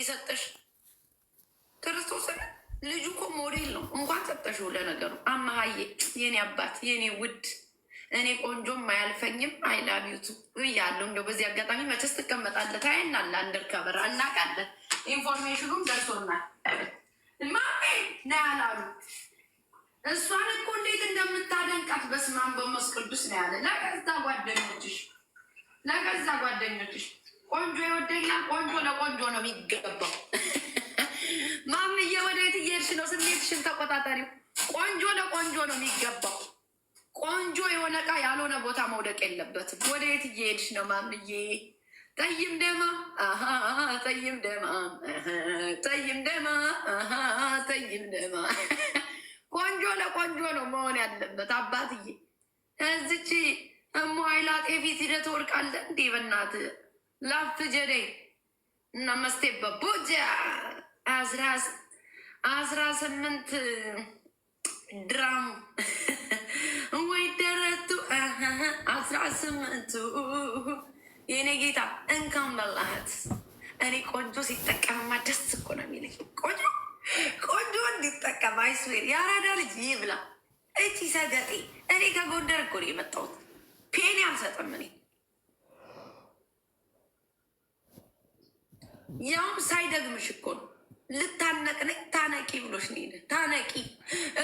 የሰጠሽ ክርስቶስ ልጁ እኮ ሞዴል ነው። እንኳን ሰጠሽው። ለነገሩ አማሀዬ፣ የኔ አባት፣ የኔ ውድ፣ እኔ ቆንጆም አያልፈኝም። አይላቢቱ እያለሁ እንደው በዚህ አጋጣሚ መቼስ ትቀመጣለህ፣ ታየናለ፣ አንደርከበር እናቃለን። ኢንፎርሜሽኑም ደርሶናል። ማሜ ና ያላሉ እሷን እኮ እንዴት እንደምታደንቃት በስመ አብ በመንፈስ ቅዱስ ነው ያለ ለገዛ ጓደኞችሽ ለገዛ ጓደኞችሽ ቆንጆ ይወደኛል። ቆንጆ ለቆንጆ ነው የሚገባው። ማምዬ ወደ የት እየሄድሽ ነው? ስሜትሽን ተቆጣጠሪው። ቆንጆ ለቆንጆ ነው የሚገባው። ቆንጆ የሆነ እቃ ያልሆነ ቦታ መውደቅ የለበትም። ወደ የት እየሄድሽ ነው ማምዬ? ጠይም ደማ ጠይም ደማ ጠይም ደማ ጠይም ደማ። ቆንጆ ለቆንጆ ነው መሆን ያለበት። አባትዬ እዚች እሞ አይላጤ ፊት ሂደት ወርቃለ እንዴ በናት ላፍጀዴ እናመስቴ በቦጃ አስራ ስምንት ድራሙ ወይ ደረቱ አስራ ስምንቱ የኔ ጌታ እንካም በላህት። እኔ ቆንጆ ሲጠቀምማ ደስ እኮ ነው የሚለኝ። ቆንጆ ቆንጆ እንዲጠቀም አይስዌር የአራዳ ልጅ ይብላ እቺ ሰገጤ። እኔ ከጎንደር እኮ ነው የመጣሁት። ፔን አልሰጥም እኔ ያውም ሳይደግምሽ እኮ ነው። ልታነቅነቅ ታነቂ ብሎሽ ሄደ። ታነቂ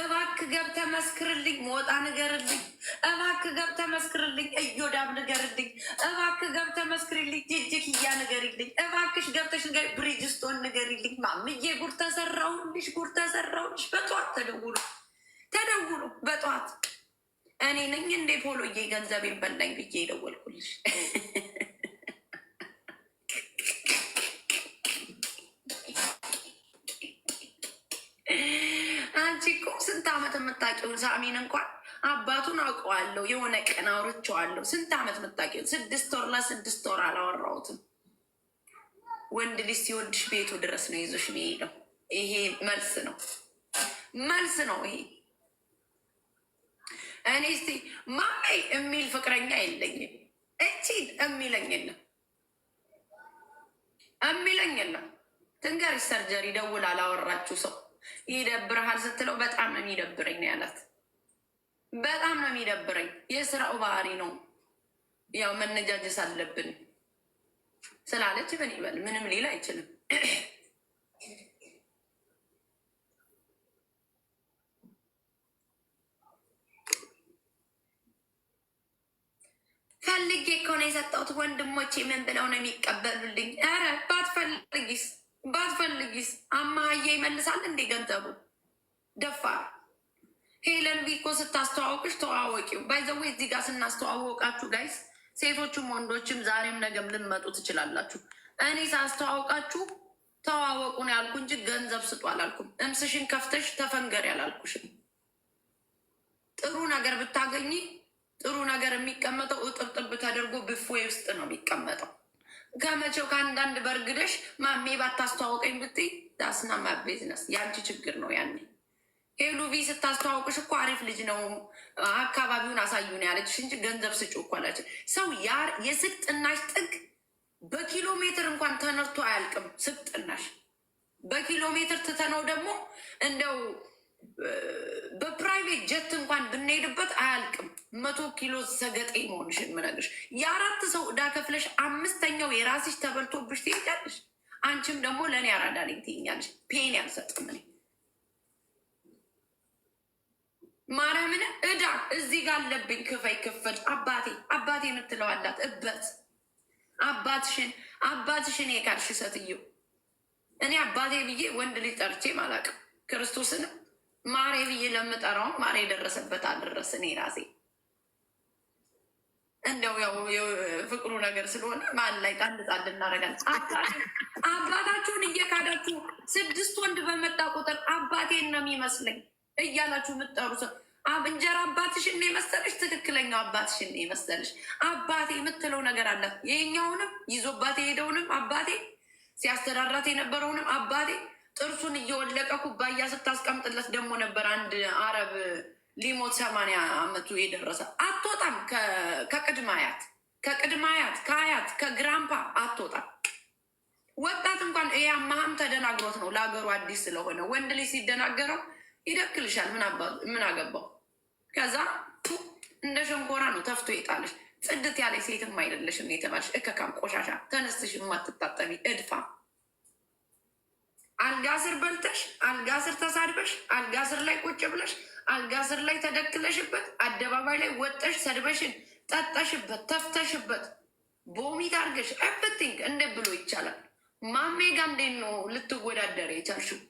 እባክ ገብተ መስክርልኝ፣ ሞጣ ንገርልኝ፣ እባክ ገብተ መስክርልኝ፣ እዮዳብ ንገርልኝ፣ እባክ ገብተ መስክርልኝ፣ ጅጅክያ ንገሪልኝ፣ እባክሽ ገብተሽ ንገሪ፣ ብሪጅስቶን ንገሪልኝ። ማምዬ ጉር ተሰራሁልሽ፣ ጉር ተሰራሁልሽ። በጠዋት ተደውሉ ተደውሉ፣ በጠዋት እኔ ነኝ እንዴ ፎሎዬ ገንዘቤን በላኝ ብዬ የደወልኩልሽ ዓመት የምታውቂውን ሳሚን እንኳን አባቱን አውቀዋለሁ። የሆነ ቀን አውርቼዋለሁ። ስንት ዓመት የምታውቂውን ስድስት ወር ለስድስት ወር አላወራሁትም። ወንድ ልጅ ሲወድሽ ቤቱ ድረስ ነው ይዞሽ የሚሄደው። ይሄ መልስ ነው፣ መልስ ነው ይሄ። እኔ እስቲ ማሜ የሚል ፍቅረኛ የለኝም። እቺ የሚለኝ የለም፣ የሚለኝ የለም። ትንገርሽ ሰርጀሪ ደውል አላወራችሁ ሰው ይደብርሃል ስትለው በጣም ነው የሚደብረኝ ነው ያላት። በጣም ነው የሚደብረኝ፣ የስራው ባህሪ ነው። ያው መነጃጀስ አለብን ስላለች ምን ይበል፣ ምንም ሌላ አይችልም። ፈልጌ ከሆነ የሰጠሁት ወንድሞቼ ምን ብለው ነው የሚቀበሉልኝ? ኧረ ባትፈልጊስ ባትፈልጊስ አማሀዬ ይመልሳል እንዴ ገንዘቡ ደፋ ሄለን ቢኮ ስታስተዋወቅሽ ተዋወቂው ባይዘዌ እዚህ ጋር ስናስተዋወቃችሁ ጋይስ ሴቶችም ወንዶችም ዛሬም ነገም ልንመጡ ትችላላችሁ። እኔ ሳስተዋወቃችሁ ተዋወቁን ያልኩ እንጂ ገንዘብ ስጡ አላልኩም። እምስሽን ከፍተሽ ተፈንገር ያላልኩሽም። ጥሩ ነገር ብታገኝ ጥሩ ነገር የሚቀመጠው እጥብጥብ ተደርጎ ብፎ ውስጥ ነው የሚቀመጠው። ከመቼው ከአንዳንድ በርግደሽ ማሜ ባታስተዋውቀኝ ብትይ ዳስናማ ቢዝነስ የአንቺ ችግር ነው። ያኔ ሄሉቪ ስታስተዋውቅሽ እኮ አሪፍ ልጅ ነው አካባቢውን አሳዩን ያለችሽ እንጂ ገንዘብ ስጭ እኮ አላችን። ሰው የስቅጥናሽ ጥግ በኪሎ ሜትር እንኳን ተነርቶ አያልቅም። ስቅጥናሽ በኪሎ ሜትር ትተነው ደግሞ እንደው በፕራይቬት ጀት እንኳን ብንሄድ መቶ ኪሎ ሰገጤ መሆንሽን የምነግርሽ የአራት ሰው እዳ ከፍለሽ አምስተኛው የራስሽ ተበልቶብሽ ትሄጃለሽ። አንቺም ደግሞ ለእኔ አራዳ ነኝ ትይኛለሽ። ፔን ያልሰጥም እኔ ማርያምን እዳ እዚህ ጋር አለብኝ ክፈይ ክፈል አባቴ አባቴ የምትለው አላት እበት አባትሽን አባትሽን የካልሽ ሴትዮ እኔ አባቴ ብዬ ወንድ ልጅ ጠርቼ አላውቅም። ክርስቶስንም ማሬ ብዬ ለምጠራውን ማሬ የደረሰበት አልደረስ እኔ ራሴ እንደው ፍቅሩ ነገር ስለሆነ ማን ላይ ጣል ጣል እናደርጋለን። አባታችሁን እየካዳችሁ ስድስት ወንድ በመጣ ቁጥር አባቴን ነው የሚመስለኝ እያላችሁ የምትጠሩ ሰው እንጀራ አባትሽን የመሰለሽ ትክክለኛው አባትሽን የመሰለሽ አባቴ የምትለው ነገር አላት። ይሄኛውንም ይዞባት የሄደውንም አባቴ ሲያስተዳድራት የነበረውንም አባቴ ጥርሱን እየወለቀ ኩባያ ስታስቀምጥለት ደግሞ ነበር አንድ አረብ ሊሞት ሰማንያ ዓመቱ የደረሰ አትወጣም። ከቅድመ አያት ከቅድመ አያት ከአያት ከግራምፓ አትወጣም። ወጣት እንኳን ያማህም ተደናግሮት ነው ለሀገሩ አዲስ ስለሆነ ወንድ ልጅ ሲደናገረው ይደክልሻል። ምን አገባው? ከዛ እንደ ሸንኮራ ነው ተፍቶ ይጣለሽ። ጽድት ያለ ሴትም አይደለሽም የተባልሽ እከካም ቆሻሻ ተነስተሽ የማትታጠቢ እድፋ አልጋ ስር በልተሽ አልጋ ስር ተሳድበሽ አልጋ ስር ላይ ቁጭ ብለሽ አልጋ ስር ላይ ተደክለሽበት አደባባይ ላይ ወጠሽ ሰድበሽን ጠጠሽበት ተፍተሽበት ቦሚት አርገሽ ኤቭሪቲንግ እንደ ብሎ ይቻላል። ማሜ ጋ እንዴት ነው ልትወዳደር የቻልሽው?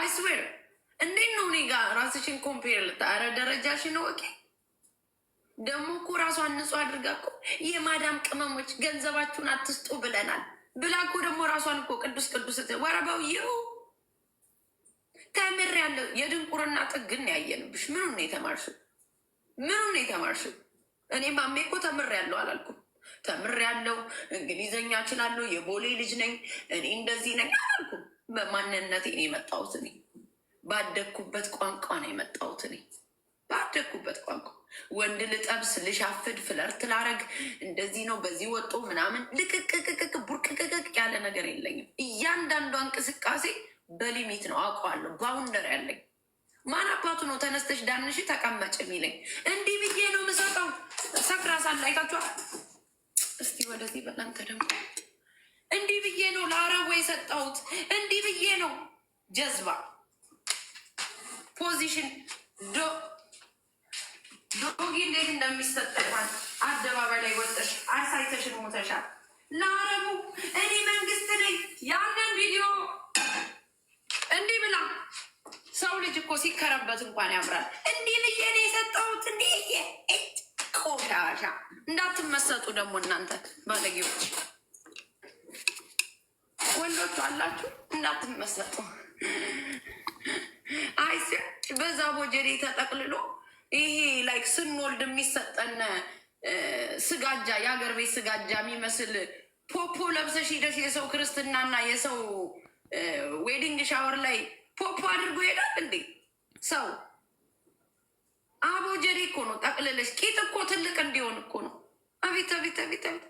አይስዌር እንዴት ነው እኔ ጋ ራስሽን ኮምፔር ልታረ ደረጃሽን ወቄ ደግሞ እኮ ራሷን ንጹህ አድርጋ እኮ የማዳም ቅመሞች ገንዘባችሁን አትስጡ ብለናል። ብላ እኮ ደግሞ ራሷን እኮ ቅዱስ ቅዱስ ወረባው ይው ተምር ያለው የድንቁርና ጥግን ያየንብሽ። ምኑን ነው የተማርሽው? ምኑን ነው የተማርሽው? እኔ ማሜ እኮ ተምር ያለው አላልኩም። ተምር ያለው እንግሊዘኛ ችላለሁ፣ የቦሌ ልጅ ነኝ፣ እኔ እንደዚህ ነኝ አላልኩም። በማንነቴ ነው የመጣሁት እኔ ባደግኩበት ቋንቋ ነው የመጣሁት እኔ ባደግኩበት ቋንቋ ወንድ ልጠብስ፣ ልሻፍድ፣ ፍለርት ላረግ፣ እንደዚህ ነው በዚህ ወጦ ምናምን ልቅቅቅቅቅ ቡርቅቅቅቅ ያለ ነገር የለኝም። እያንዳንዷ እንቅስቃሴ በሊሚት ነው አውቀዋለሁ። ባውንደር ያለኝ ማን አባቱ ነው ተነስተሽ ዳንሽ ተቀመጭ የሚለኝ? እንዲህ ብዬ ነው ምሰጠው። ሰክራ ሳለ አይታችኋል። እስቲ ወደዚህ በጣም ከደም እንዲህ ብዬ ነው ለአረቡ የሰጠሁት። እንዲህ ብዬ ነው ጀዝባ ፖዚሽን ዶ ዶጊ እንዴት እንደሚሰጠቋል አደባባይ ላይ ወጠሽ አሳይተሽን ሞተሻል። ለአረቡ እኔ መንግስት ነኝ። ያንን ቪዲዮ እንዲህ ብላ ሰው ልጅ እኮ ሲከረበት እንኳን ያምራል። እንዲህ ብዬ ነው የሰጠሁት። እንዲህ ቆሻሻ እንዳትመሰጡ ደግሞ እናንተ ባለጌዎች ወንዶቹ አላችሁ እንዳትመሰጡ። አይ በዛ ቦጀዴ ተጠቅልሎ ይሄ ላይክ ስንወልድ የሚሰጠን ስጋጃ የሀገር ቤት ስጋጃ የሚመስል ፖፖ ለብሰሽ ሄደሽ የሰው ክርስትናና የሰው ዌዲንግ ሻወር ላይ ፖፖ አድርጎ ይሄዳል እንዴ ሰው? ጀሪ እኮ ነው ጠቅልለሽ። ቂጥ እኮ ትልቅ እንዲሆን እኮ ነው። አቤት አቤት አቤት አቤት!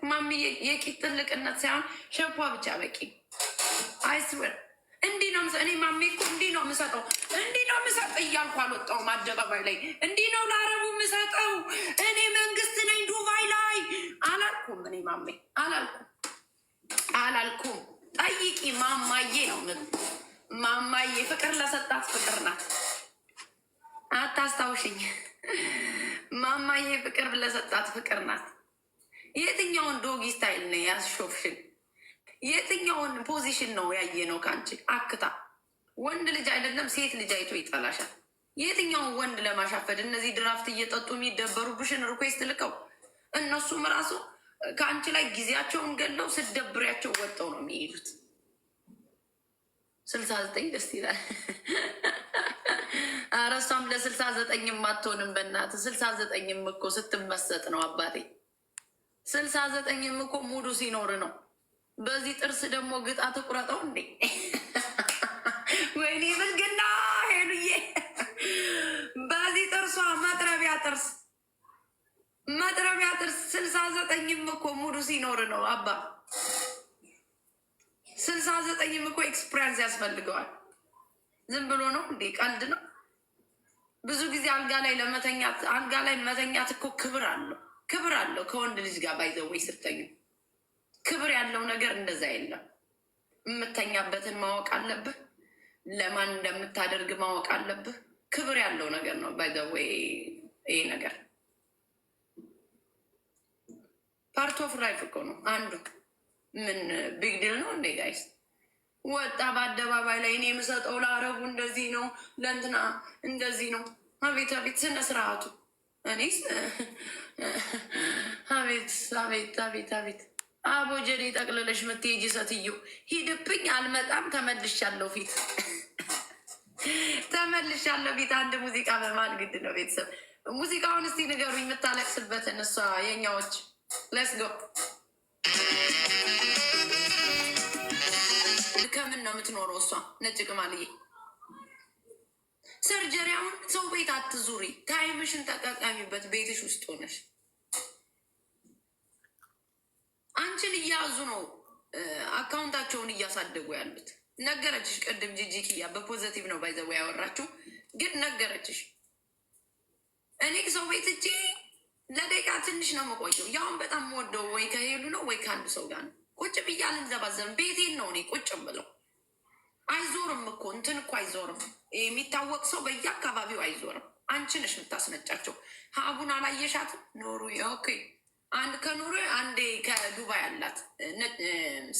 የቂጥ ትልቅነት ሳይሆን ሸፖ ብቻ በቂ አይስወር እንዲህ ነው እኔ ማሜ እኮ እንዲህ ነው የምሰጠው እንዲህ ነው የምሰጠው እያልኩ አልወጣሁም አደባባይ ላይ እንዲህ ነው ለአረቡ የምሰጠው እኔ መንግስት ነኝ ዱባይ ላይ አላልኩም። እኔ ማሜ አላልኩም አላልኩም። ጠይቂ ማማዬ ነው ምን ማማዬ ፍቅር ለሰጣት ፍቅር ናት። አታስታውሽኝ ማማዬ ፍቅር ለሰጣት ፍቅር ናት። የትኛውን ዶጊ ስታይል ነው ያስሾፍሽን? የትኛውን ፖዚሽን ነው ያየ ነው ከአንቺ አክታ ወንድ ልጅ አይደለም ሴት ልጅ አይቶ ይጠላሻል። የትኛውን ወንድ ለማሻፈድ እነዚህ ድራፍት እየጠጡ የሚደበሩብሽን ሪኩዌስት ልከው እነሱም ራሱ ከአንቺ ላይ ጊዜያቸውን ገለው ስደብሪያቸው ወጠው ነው የሚሄዱት። ስልሳ ዘጠኝ ደስ ይላል። ኧረ እሷም ለስልሳ ዘጠኝም አትሆንም። በእናትህ ስልሳ ዘጠኝም እኮ ስትመሰጥ ነው አባቴ። ስልሳ ዘጠኝም እኮ ሙዱ ሲኖር ነው በዚህ ጥርስ ደግሞ ግጣ ትቁረጠው እንዴ! ወይኔ ብልግና ሄሉዬ! በዚህ ጥርሷ መጥረቢያ ጥርስ መጥረቢያ ጥርስ ስልሳ ዘጠኝም እኮ ሙሉ ሲኖር ነው አባ ስልሳ ዘጠኝም እኮ ኤክስፕሪንስ ያስፈልገዋል። ዝም ብሎ ነው እንዴ? ቀልድ ነው። ብዙ ጊዜ አልጋ ላይ ለመተኛት አልጋ ላይ መተኛት እኮ ክብር አለው ክብር አለው ከወንድ ልጅ ጋር ባይዘወይ ስተኙ ክብር ያለው ነገር እንደዛ የለም። የምተኛበትን ማወቅ አለብህ። ለማን እንደምታደርግ ማወቅ አለብህ። ክብር ያለው ነገር ነው። ባይዘወይ ይህ ነገር ፓርት ኦፍ ላይፍ እኮ ነው። አንዱ ምን ቢግ ዲል ነው እንዴ ጋይስ? ወጣ በአደባባይ ላይ እኔ የምሰጠው ለአረቡ እንደዚህ ነው፣ ለእንትና እንደዚህ ነው። አቤት አቤት ስነ ስርዓቱ እኔስ አቤት አቤት አቤት አቤት አቦጀዴ ጠቅልለሽ ምትሄጂ ሴትዮ ሂድብኝ፣ አልመጣም። ተመልሻለሁ ፊት ተመልሻለሁ ፊት። አንድ ሙዚቃ በማል ግድ ነው። ቤተሰብ ሙዚቃውን እስቲ ንገሩኝ፣ የምታለቅስበትን እሷ የኛዎች ለስ ጎ ከምን ነው የምትኖረው እሷ ነጭ ቅማልዬ? ሰርጀሪ አሁን ሰው ቤት አትዙሪ፣ ታይምሽን ተጠቃሚበት ቤትሽ ውስጥ ሆነሽ አንቺን እያያዙ ነው አካውንታቸውን እያሳደጉ ያሉት። ነገረችሽ ቅድም ጂጂ ኪያ በፖዘቲቭ ነው ባይዘው ያወራችው፣ ግን ነገረችሽ። እኔ ሰው ቤት እጂ ለደቂቃ ትንሽ ነው የምቆየው። ያሁን በጣም ወደው ወይ ከሄሉ ነው ወይ ከአንዱ ሰው ጋር ነው ቁጭ ብያ አልንዘባዘብም። ቤቴን ነው እኔ ቁጭ ብለው። አይዞርም እኮ እንትን እኮ አይዞርም። የሚታወቅ ሰው በየአካባቢው አይዞርም። አንቺ ነሽ የምታስነጫቸው። ሀቡን አላየሻትም ኖሩ ኦኬ አንድ ከኑሮ አንዴ ከዱባይ አላት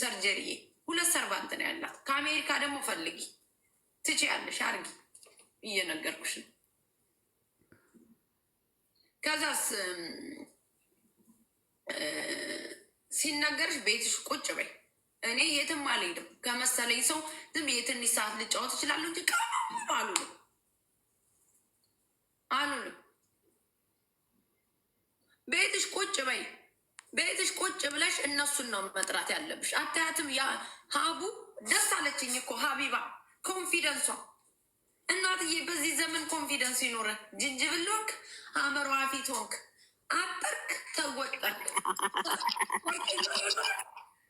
ሰርጀሪ፣ ሁለት ሰርቫንት ነው ያላት። ከአሜሪካ ደግሞ ፈልጊ ትችያለሽ፣ አርጊ እየነገርኩሽ ነው። ከዛስ ሲነገርሽ ቤትሽ ቁጭ በይ። እኔ የትም አልሄድም ከመሰለኝ ሰው ዝም የትንሽ ሰዓት ልጫወት እችላለሁ እንጂ ቀኑ አሉ ነው ብለሽ እነሱን ነው መጥራት ያለብሽ። አታያትም? ያ ሀቡ ደስ አለችኝ እኮ ሀቢባ ኮንፊደንሷ እናትዬ በዚህ ዘመን ኮንፊደንስ ይኖረ ጅንጅብል ሆንክ፣ አእምሮ ፊት ሆንክ፣ አጠርክ፣ ተወጠርክ፣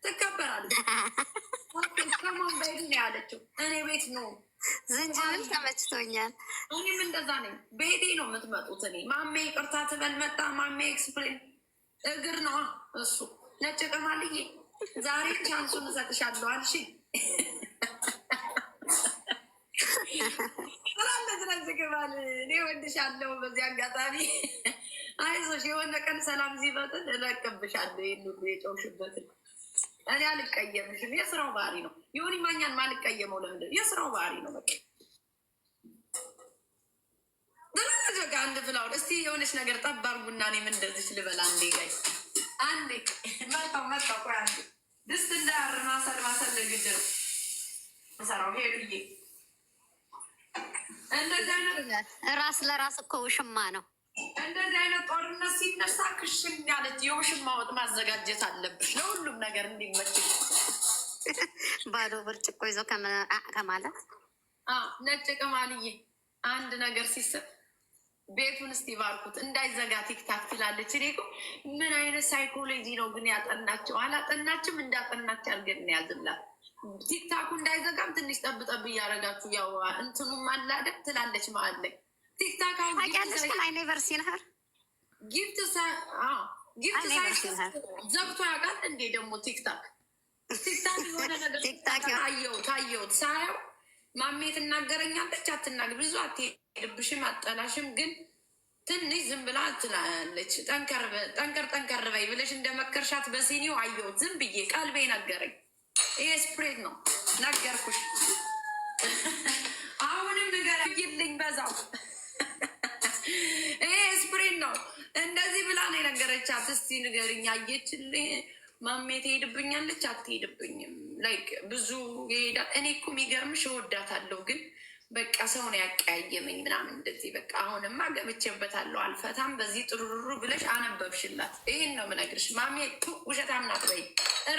ትከበራለህ። ከማን በሄድ ያለችው? እኔ ቤት ነው ዝንጅብል ተመችቶኛል። እኔም እንደዛ ነኝ። ቤቴ ነው የምትመጡት። እኔ ማሜ ቅርታ ትበል መጣ ማሜ ኤክስፕሌን እግር ነዋ እሱ ነጭ ቅማልዬ ዛሬ ቻንሱን እሰጥሻለሁ አልሽ። ስላለች ነጭ ቅማል እኔ ወድሻለሁ። በዚህ አጋጣሚ አይዞሽ፣ የሆነ ቀን ሰላም ሲበጥን እለቅብሻለሁ። ይህን ሁሉ የጨውሽበትን እኔ አልቀየምሽም። የስራው ባህሪ ነው። ይሁን ማኛን ማልቀየመው ለምንድን የስራው ባህሪ ነው። በቃ አንድ ብላውን እስቲ የሆነች ነገር ጠባር ቡና እኔም እንደዚች ልበላ እንዴ ጋይ አንዴ መጣሁ መጣሁ። ቆይ አንዴ ድስት እንዳር ማሰል ማሰል ግድ ነው ሰራው ሄዱዬ ራስ ለራስ እኮ ውሽማ ነው። እንደዚህ አይነት ጦርነት ሲነሳ ክሽን ያለች የውሽማ ወጥ ማዘጋጀት አለብሽ ለሁሉም ነገር እንዲመች። ባዶ ብርጭቆ ይዞ ከማለት ነጭ ቅማልዬ አንድ ነገር ሲሰጥ ቤቱን እስቲ ባርኩት እንዳይዘጋ ቲክታክ ትላለች። እኔ እኮ ምን አይነት ሳይኮሎጂ ነው ግን ያጠናቸው? አላጠናችም እንዳጠናች አድርገን ያዝላት። ቲክታኩ እንዳይዘጋም ትንሽ ጠብጠብ እያደረጋችሁ ያው እንትኑም አላደግ ትላለች ማለት ላይ ቲክታክ አሁን አይኔቨርሲ ነር ጊፍት ጊፍት ዘግቶ ያውቃል እንዴ? ደግሞ ቲክታክ ቲክታክ የሆነ ነገር ታየው ታየው ሳየው ማሜ ትናገረኛለች አትናግ ብዙ አትሄድብሽም አጠላሽም፣ ግን ትንሽ ዝም ብላ ትላለች። ጠንከር ጠንከር በይ ብለሽ እንደ መከርሻት በሲኒው አየው። ዝም ብዬ ቀልቤ ነገረኝ። ይሄ ስፕሬድ ነው ነገርኩሽ። አሁንም ንገር ይልኝ በዛው ይሄ ስፕሬድ ነው እንደዚህ ብላ ነው የነገረቻት። እስቲ ንገርኛ አየችልኝ ማሜ ትሄድብኛለች አትሄድብኝ ላይክ ብዙ ይሄዳል። እኔ እኮ የሚገርምሽ እወዳታለሁ፣ ግን በቃ ሰውን ያቀያየመኝ ምናምን እንደዚህ በቃ አሁንማ ገብቼበታለሁ አልፈታም። በዚህ ጥሩሩ ብለሽ አነበብሽላት። ይህን ነው የምነግርሽ ማሜ። ውሸታም ናት በይ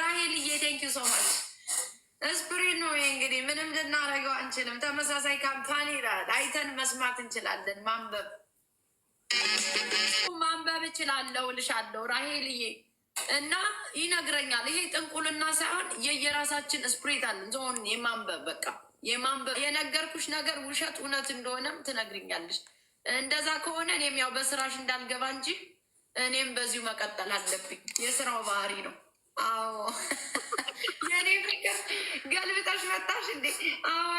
ራሄልዬ። ቴንኪው ሶ ማች ስፕሪት ነው ይሄ እንግዲህ ምንም ልናደርገው አንችልም። ተመሳሳይ ካምፓኒ ይላል። አይተን መስማት እንችላለን። ማንበብ ማንበብ እችላለሁ እልሻለሁ ራሄልዬ እና ይነግረኛል። ይሄ ጥንቁልና ሳይሆን የየራሳችን ስፕሪት አለን። ዞን የማንበብ በቃ የማንበብ የነገርኩሽ ነገር ውሸት እውነት እንደሆነም ትነግርኛለች። እንደዛ ከሆነ እኔም ያው በስራሽ እንዳልገባ እንጂ እኔም በዚሁ መቀጠል አለብኝ። የስራው ባህሪ ነው። አዎ የእኔ ፍቅር ገልብጠሽ መጣሽ እንዴ? አዎ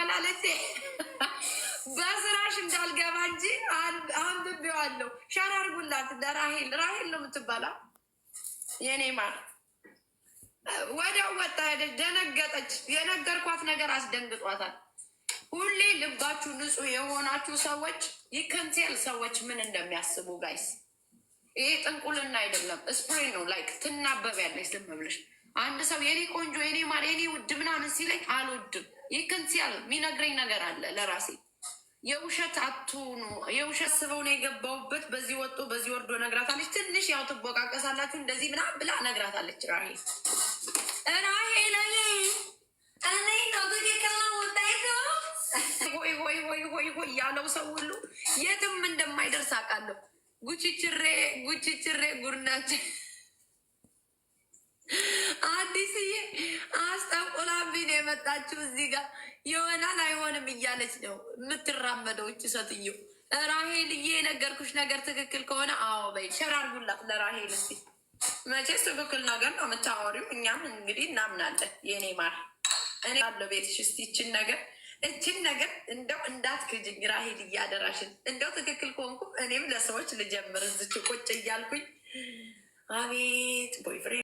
በስራሽ እንዳልገባ እንጂ አንብቤዋለሁ። ሸራርጉላት ለራሄል። ራሄል ነው የምትባላ የኔማ ወዲያው ወጣ ሄደች፣ ደነገጠች። የነገርኳት ነገር አስደንግጧታል። ሁሌ ልባችሁ ንጹህ የሆናችሁ ሰዎች ይከንቴል ሰዎች ምን እንደሚያስቡ ጋይስ፣ ይሄ ጥንቁልና አይደለም፣ ስፕሬ ነው። ላይክ ትናበቢያለሽ ዝም ብለሽ አንድ ሰው የኔ ቆንጆ የኔ ማር የኔ ውድ ምናምን ሲለኝ አልወድም። ይከንቴል የሚነግረኝ ነገር አለ ለራሴ የውሸት አቱ ነው የውሸት ስበው ነው የገባውበት። በዚህ ወጡ በዚህ ወርዶ ነግራታለች። ትንሽ ያው ትቦቃቀሳላችሁ እንደዚህ ምናምን ብላ ነግራታለች። ራሄል ራሄል እኔ ነው ትክክል ወጣይቶ ሆይ ሆይ ሆይ ወይ ወይ ያለው ሰው ሁሉ የትም እንደማይደርስ አውቃለሁ። ጉችችሬ ጉችችሬ ጉርናች አዲስ የመጣችው እዚህ ጋር ይሆናል አይሆንም እያለች ነው የምትራመደው እች ራሄል ዬ የነገርኩሽ ነገር ትክክል ከሆነ አዎ በይ፣ ሸራርጉላት ለራሄል እ መቼስ ትክክል ነገር ነው የምታወሪው፣ እኛም እንግዲህ እናምናለን። የኔ ማር እኔ አለ ቤትሽ እስኪ ይችን ነገር እችን ነገር እንደው እንዳትክጅኝ ራሄል እያደራሽን፣ እንደው ትክክል ከሆንኩ እኔም ለሰዎች ልጀምር እዝች ቁጭ እያልኩኝ አቤት ቦይፍሬ